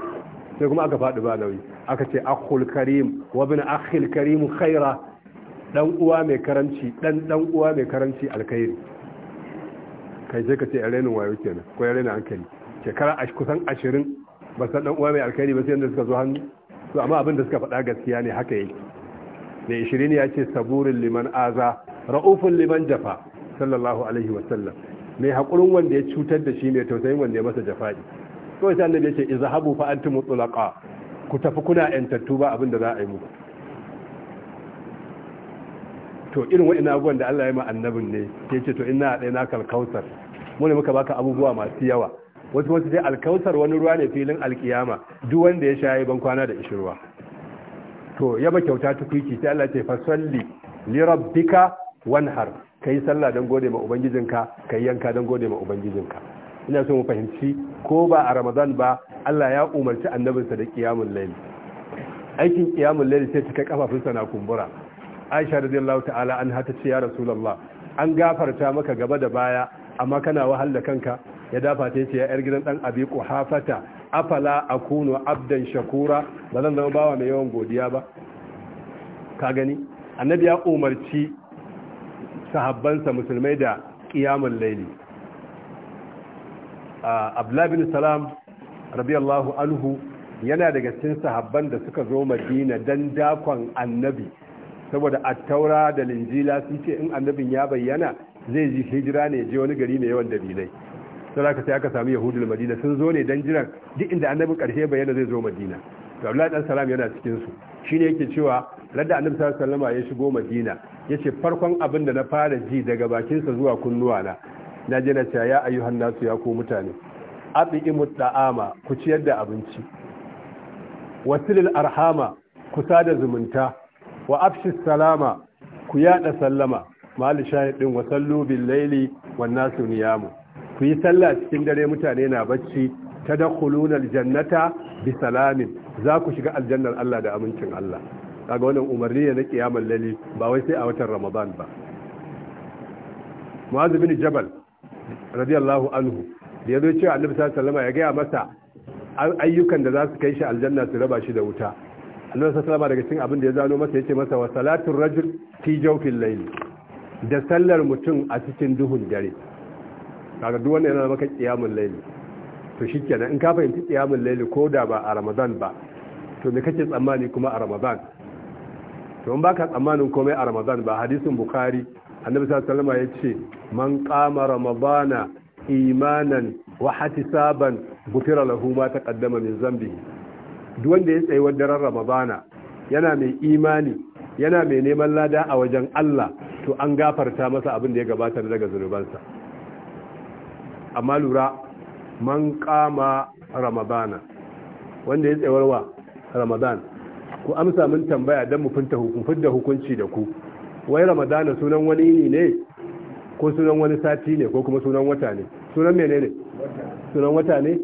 sai kuma aka faɗi ba nauyi aka ce akhul karim wa bin akhil karim khaira dan uwa mai karanci dan dan uwa mai karanci alkhairi kai sai ka ce a renin wayo kenan ko ya an hankali shekara kusan ashirin ba san dan uwa mai alkhairi ba sai da suka zo hannu to amma abin da suka faɗa gaskiya ne haka yake ne ishirin ya ce saburin liman aza ra'ufin liman jafa sallallahu alaihi wa sallam. mai haƙurin wanda ya cutar da shi mai tausayin wanda ya masa jafa'i to sai annabi yace izhabu fa antum mutlaqa ku tafi kuna yantattu ba abin da za a yi muku to irin wani abubuwan da Allah ya yi ma annabin ne yace to inna adaina kal kausar mu ne muka baka abubuwa masu yawa wasu wasu sai alkausar wani ruwa ne filin alkiyama duk wanda ya sha ban kwana da ishirwa to yaba kyauta tukuki sai Allah ce fasalli li rabbika wanhar kai sallah don gode ma ubangijinka kai yanka dan gode ma ubangijinka ina so mu fahimci ko ba a ramadan ba Allah ya umarci annabinsa da qiyamul layl aikin qiyamul layl sai cika kafafunsa na kumbura Aisha radiyallahu ta'ala anha ta ce ya Rasulullah an gafarta maka gaba da baya amma kana wahal da kanka ya dafa ta ce ya yar gidan dan abi Hafata, afala akunu abdan shakura ba zan zama bawa mai yawan godiya ba ka gani annabi ya umarci sahabbansa musulmai da qiyamul layli abdullah bin salam radiyallahu anhu yana daga cikin sahabban da suka zo madina dan dakon annabi saboda attaura da linjila sun ce in annabin ya bayyana zai ji hijira ne je wani gari mai yawan dalilai. sai aka sai aka sami da madina sun zo ne dan jiran duk inda annabi karshe bayyana zai zo madina to abdullahi dan salam yana cikin su shine yake cewa radda annabi sallallahu alaihi wasallam ya shigo madina yace farkon abin da na fara ji daga bakin sa zuwa kunnuwa na na je na ya ayyuhan nasu ya ku mutane at'imut ta'ama ku ciyar da abinci wasilil arhama ku sada zumunta wa afshi salama ku yada sallama mahal shahid din wa sallu bil laili wan nasu niyamu ku yi sallah cikin dare mutane na bacci kulunar jannata bi salamin za ku shiga aljannar Allah da amincin Allah daga wannan umarni ne na kiyamar laili ba wai sai a watan Ramadan ba Mu'adh bin Jabal radiyallahu anhu da ya zo cewa Annabi sallallahu alaihi ya gaya masa ayyukan da za su kai shi aljanna su raba shi da wuta Annabi sallallahu alaihi daga cikin abin da ya zano masa yace masa wa salatul rajul fi jawfil layl da sallar mutum a cikin duhun dare kaga duk wanda yana maka qiyamul layli to shikenan in ka fahimci qiyamul laili ko da ba a ramadan ba to me kake tsammani kuma a ramadan to in baka tsammanin komai a ramadan ba hadisin bukhari annabi sallallahu alaihi wasallam yace man qama ramadana imanan wa hatisaban gufira lahu ma taqaddama min zambi. duk wanda ya tsaye wannan daren ramadana yana mai imani yana mai neman lada a wajen Allah to an gafarta masa abin da ya gabata daga zunubansa amma lura man kama ramadana wanda ya tsawarwa Ramadana, ku amsa min tambaya don mu da hukunci da ku wai ramadana sunan wani yini ne ko sunan wani sati ne ko kuma sunan wata ne sunan mene ne sunan wata ne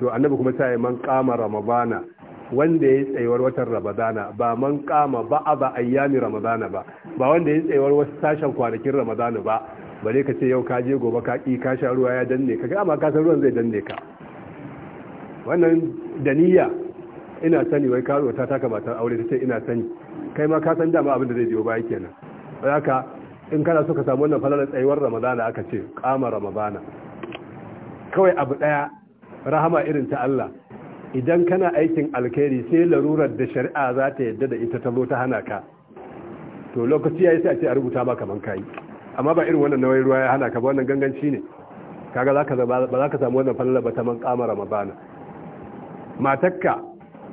to annabi kuma sai man kama ramadana wanda ya tsayuwar watan ramadana ba man kama ba a ba ayyami ramadana ba ba wanda ya tsayuwar wasu sashen kwanakin ramadana ba bare ka ce yau ka je gobe ka ƙi ka sha ruwa ya danne ka ga amma ka san ruwan zai danne ka wannan da niyya ina sani wai karo ta taka matar aure tace ina sani kai ma ka san dama abin da zai ba baya kenan haka in kana so ka samu wannan falalar tsayuwar ramadana aka ce kama ramadana kawai abu daya rahama irin ta Allah idan kana aikin alkhairi sai larurar da shari'a za ta yadda da ita ta zo ta hana ka to lokaci yi sai a ce a rubuta maka man kai amma ba irin wannan nauyin ruwa ya hana ka ba wannan ganganci ne kaga ba za ka samu wannan falala ba ta man ma bana? matakka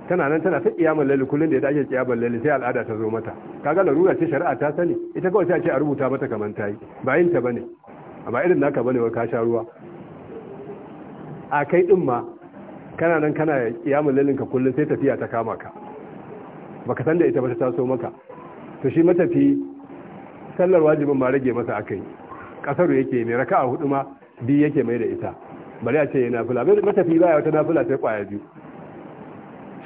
tana nan tana ta kiyamar lalle kullun da ya dace kiyamar lalle sai al'ada ta zo mata kaga larura ce shari'a ta sani ita kawai sai a ce a rubuta mata kaman ta yi ba yin ta bane ba irin naka bane wa ka sha ruwa a kai din ma kana nan kana kiyamar lalle ka kullun sai tafiya ta kama ka baka san da ita ba ta taso maka to shi matafi sallar wajibin ma rage masa akai kasaru yake mai a hudu ma biyu yake mai da ita bari a ce yana nafula bai matafi baya wata nafula sai kwaya biyu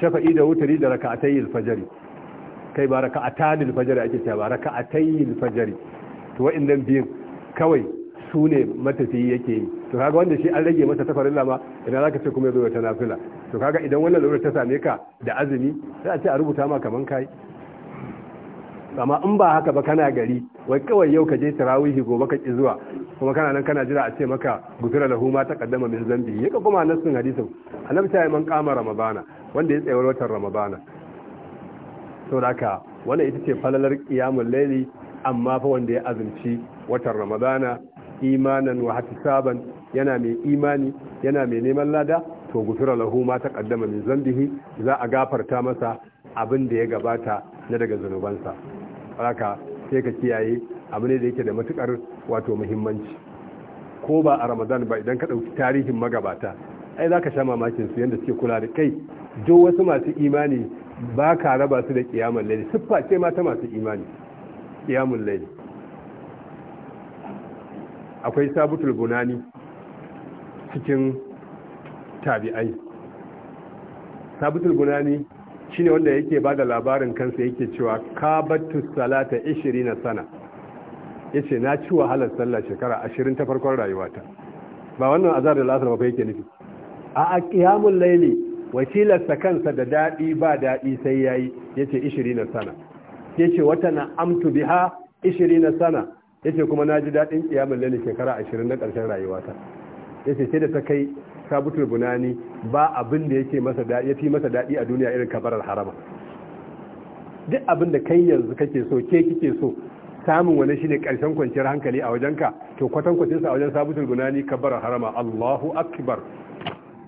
shafa'i da wutari da raka yi alfajari kai ba a raka'atanil alfajari ake cewa ba yi alfajari to wa'annan biyun kawai su ne matafi yake yi to kaga wanda shi an rage masa tafarin lama idan ka ce kuma ya zo ta nafula, to kaga idan wannan lura ta same ka da azumi sai a ce a rubuta ma kaman kai amma in ba haka ba kana gari wai kawai yau ka je tarawihi gobe ka ki zuwa kuma kana nan kana jira a ce maka gufira lahu ma kaddama min zambi ya ka kuma nasin hadisin annabi ta yi man kama ramadana wanda ya tsayar watan ramadana da aka wannan ita ce falalar qiyamul layli amma fa wanda ya azumci watan ramadana imanan wa hatisaban yana mai imani yana mai neman lada to gufira lahu ma kaddama min zambi za a gafarta masa abin da ya gabata na daga zunubansa haka sai ka kiyaye abu ne da yake da matukar wato muhimmanci ko ba a ramadan ba idan ka ɗauki tarihin magabata ai za ka sha mamakin su yadda suke kula da kai jo wasu masu imani ba ka raba su da kiyamun laili siffa ce mata masu imani kiyamun laili akwai sabutul bunani cikin tabi'ai sabutul bunani shine wanda yake ba da labarin kansa yake cewa kabatu salata 20 sana Ya ce na ci wahalar sallah shekara 20 ta farkon rayuwata ba wannan azar da lasar ba yake nufi a akiyamun laili wakilarsa kansa da daɗi ba daɗi sai yayi yace 20 sana Ya ce wata na amtu biha 20 sana Ya ce kuma na ji daɗin kiyamun layli shekara 20 na karshen rayuwata yace sai da ta kai sabutul bunani ba abin da yake masa daɗi yafi masa dadi a duniya irin kabarar harama duk abin da kai yanzu kake so ke kike so samun wani shine karshen kwanciyar hankali a wajenka to kwatan kwatin sa a wajen sabutul bunani kabarar harama Allahu akbar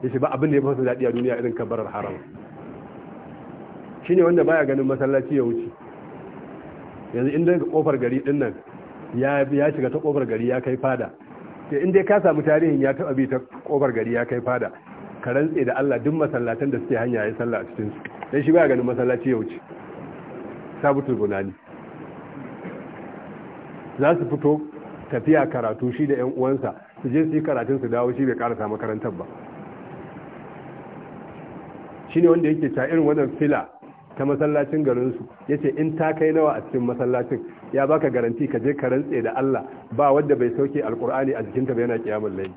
yace ba abin da ya masa daɗi a duniya irin kabarar harama shine wanda baya ganin masallaci ya wuce yanzu inda kofar gari din nan ya shiga ta kofar gari ya kai fada sai in dai ka samu tarihin ya taba bi ta kofar gari ya kai fada ka rantse da Allah duk masallatan da suke hanya ya sallah a cikin su dan shi ba ganin masallaci ya wuce sabutul gunani za su fito tafiya karatu shi da yan uwansa su je su yi karatun su dawo shi bai karasa makarantar ba Shi ne wanda yake ta irin wannan fila ta masallacin garinsu ya ce in ta kai nawa a cikin masallacin ya baka garanti ka je ka rantse da Allah ba wanda bai sauke alkur'ani a jikinta ba yana kiyamul lai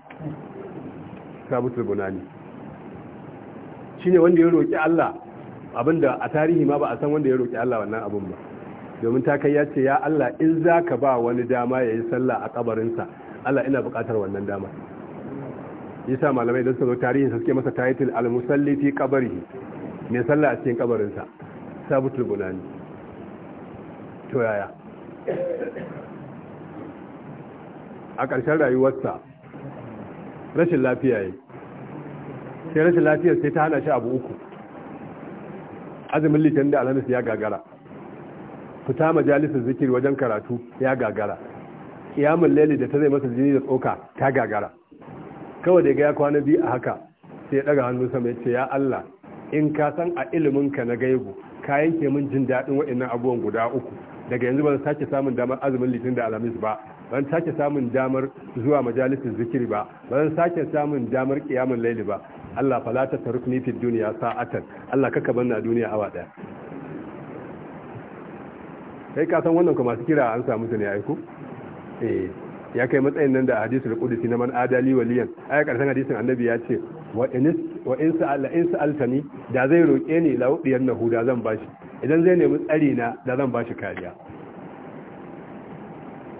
sabutul bunani shine wanda ya roki Allah abinda a tarihi ma ba a san wanda ya roki Allah wannan abun ba domin ta kai ya ce ya Allah in za ka ba wani dama yayi sallah a kabarinsa Allah ina buƙatar wannan dama yasa malamai dan su zo tarihin suke masa title al-musalli fi qabrihi mai sallah a cikin kabarinsa sabutul bunani to yaya a ƙarshen rayuwarsa rashin lafiya yi sai rashin lafiyar sai ta hana shi abu uku azumin litin da alhamis ya gagara fita majalisar zikiri wajen karatu ya gagara kiyamun laili da ta zai masa jini da tsoka ta gagara kawai da ya ya kwana biyu a haka sai ya ɗaga hannu sama ya ce ya Allah in ka san a iliminka na gaibu ka yanke min jin daɗin waɗannan abubuwan guda uku daga yanzu ban sake samun damar azumin litinin da alhamis ba ban sake samun damar zuwa majalisun zikiri ba ban sake samun damar kiyamun laili ba Allah fala ta tarukni fi duniya sa'atan Allah kaka banna duniya awa daya kai ka san wannan kuma masu kira an samu su ne aiko eh ya kai matsayin nan da da qudsi na man adali waliyan ai karshen hadisin annabi ya ce wa in sa'ala in sa'altani da zai roke ni la udiyan nahu zan bashi idan zai nemi tsari na da zan ba shi kariya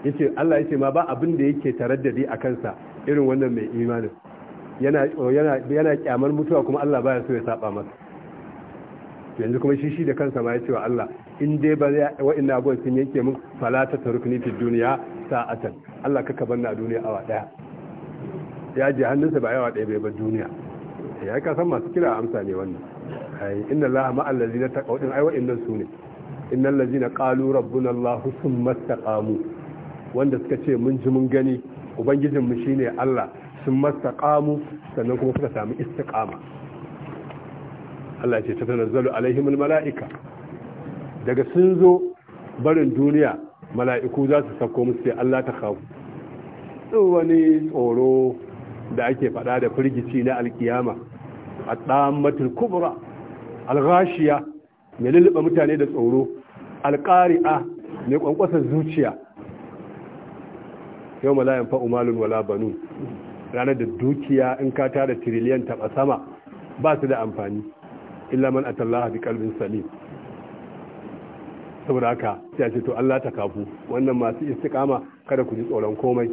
yace Allah yace ma ba abin da yake taraddadi a kansa irin wannan mai imani yana yana yana kyamar mutuwa kuma Allah baya so ya saba masa yanzu kuma shi shi da kansa ma yace wa Allah in dai ba inna gon sun yanke mun falata tarukni fi duniya sa'atan Allah kaka banna duniya awa daya ya ji ba yawa daya bai ba duniya ya yi kasan masu kira amsa ne wannan ai inna allaha ma'al ladina taqaw din ai wa'annan su ne innal ladina qalu rabbuna allah thumma istaqamu wanda suka ce mun ji mun gani ubangijin mu shine allah sun istaqamu sannan kuma suka samu istiqama Allah ya ce ta tanazzalu alaihimul mala'ika daga sun zo barin duniya mala'iku za su sako musu sai Allah ta kawo wani tsoro da ake fada da firgici na alkiyama a kubra alghashiya mai lulluɓe mutane da tsoro alƙari'a mai ƙwanƙwasa zuciya yau malayan fa wala banu ranar da dukiya in ka tara tiriliyan taba sama ba su da amfani illa man atallaha bi kalbin salim saboda haka sai a ce to Allah ta kafu wannan masu istiqama kada ku ji tsoron komai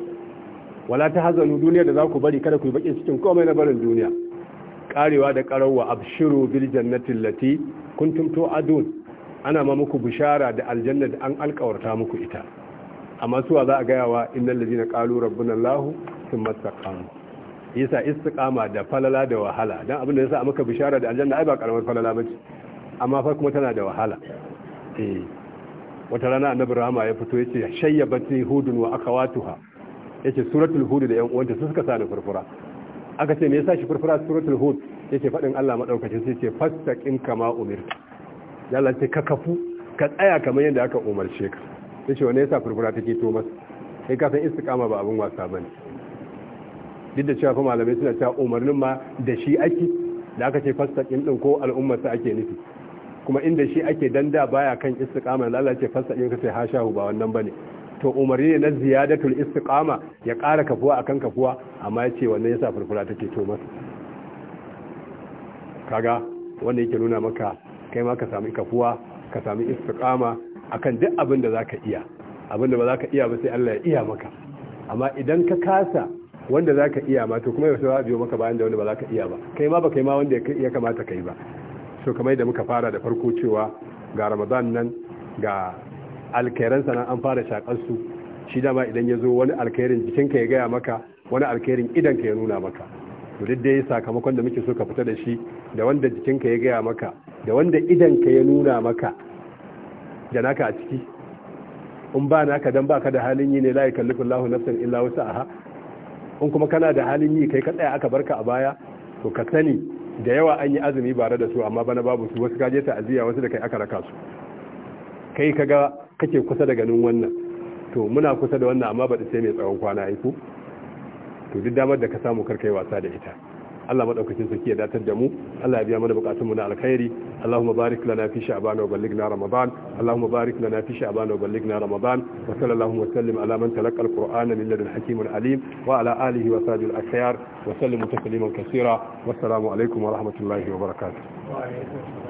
wala ta hazanu duniya da za ku bari kada ku yi bakin cikin komai na barin duniya karewa da karawa abshiru bil jannati lati kuntum adun ana ma muku bishara da aljanna da an alkawarta muku ita amma suwa za a gaya wa innal ladina qalu rabbuna allah thumma istaqamu yasa istiqama da falala da wahala dan abin da yasa maka bishara da aljanna ai ba karamar falala bace amma fa kuma tana da wahala eh wata rana annabi rahama ya fito yace shayyabati hudun wa akawatuha yace suratul hud da yan uwanta su suka sani furfura aka ce me yasa shi furfura suratul hud yake fadin Allah madaukakin sai ce fastaqim kama umirta ya Allah sai ka kafu ka tsaya kamar yadda aka umarce ka yace wanda yasa furfura take to masa sai ka san istiqama ba abin wasa bane duk da cewa fa malamai suna cewa umarnin ma da shi ake da aka ce fastaqim din ko al'ummar ake nufi kuma inda shi ake danda baya kan istiqama Allah ce fastaqim ka sai hashahu ba wannan bane to umarni ne na ziyadatul istiqama ya ƙara kafuwa akan kafuwa amma yace wannan yasa furfura take to masa kaga wanda yake nuna maka kai ma ka sami kafuwa ka sami istiqama akan duk abin da zaka iya abin da ba zaka iya ba sai Allah ya iya maka amma idan ka kasa wanda zaka iya ma to kuma yau sai biyo maka bayan da wanda ba zaka iya ba kai ma ba kai ma wanda ya kamata kai ba so kamar da muka fara da farko cewa ga Ramadan nan ga alkairan sanan an fara shakar su shi dama idan ya zo wani alkhairin jikinka ya gaya maka wani alkhairin idanka ya nuna maka to duk dai sakamakon da muke so ka fita da shi da wanda jikinka ya gaya maka da wanda idanka ya nuna maka da naka a ciki in ba naka dan baka da halin yi ne la yukallifu Allahu nafsan illa wus'aha in kuma kana da halin yi kai ka tsaya aka barka a baya to ka sani da yawa an yi azumi bare da su amma bana babu su wasu kaje aziya wasu da kai aka raka su kai kaga kake kusa da ganin wannan to muna kusa da wannan amma baɗi sai mai tsawon kwana aiku to duk damar da ka samu karka yi wasa da ita Allah madaukakin sarki ya datar da mu Allah ya biya mana bukatun mu na alkhairi Allahumma barik lana fi sha'ban wa ballighna ramadan Allahumma barik lana fi sha'ban wa ballighna ramadan wa sallallahu wa sallim ala man talaqa alqur'ana min ladun hakimin alim wa ala alihi wa sahbihi al-akhyar wa sallimu tasliman kaseera wassalamu alaikum wa rahmatullahi wa barakatuh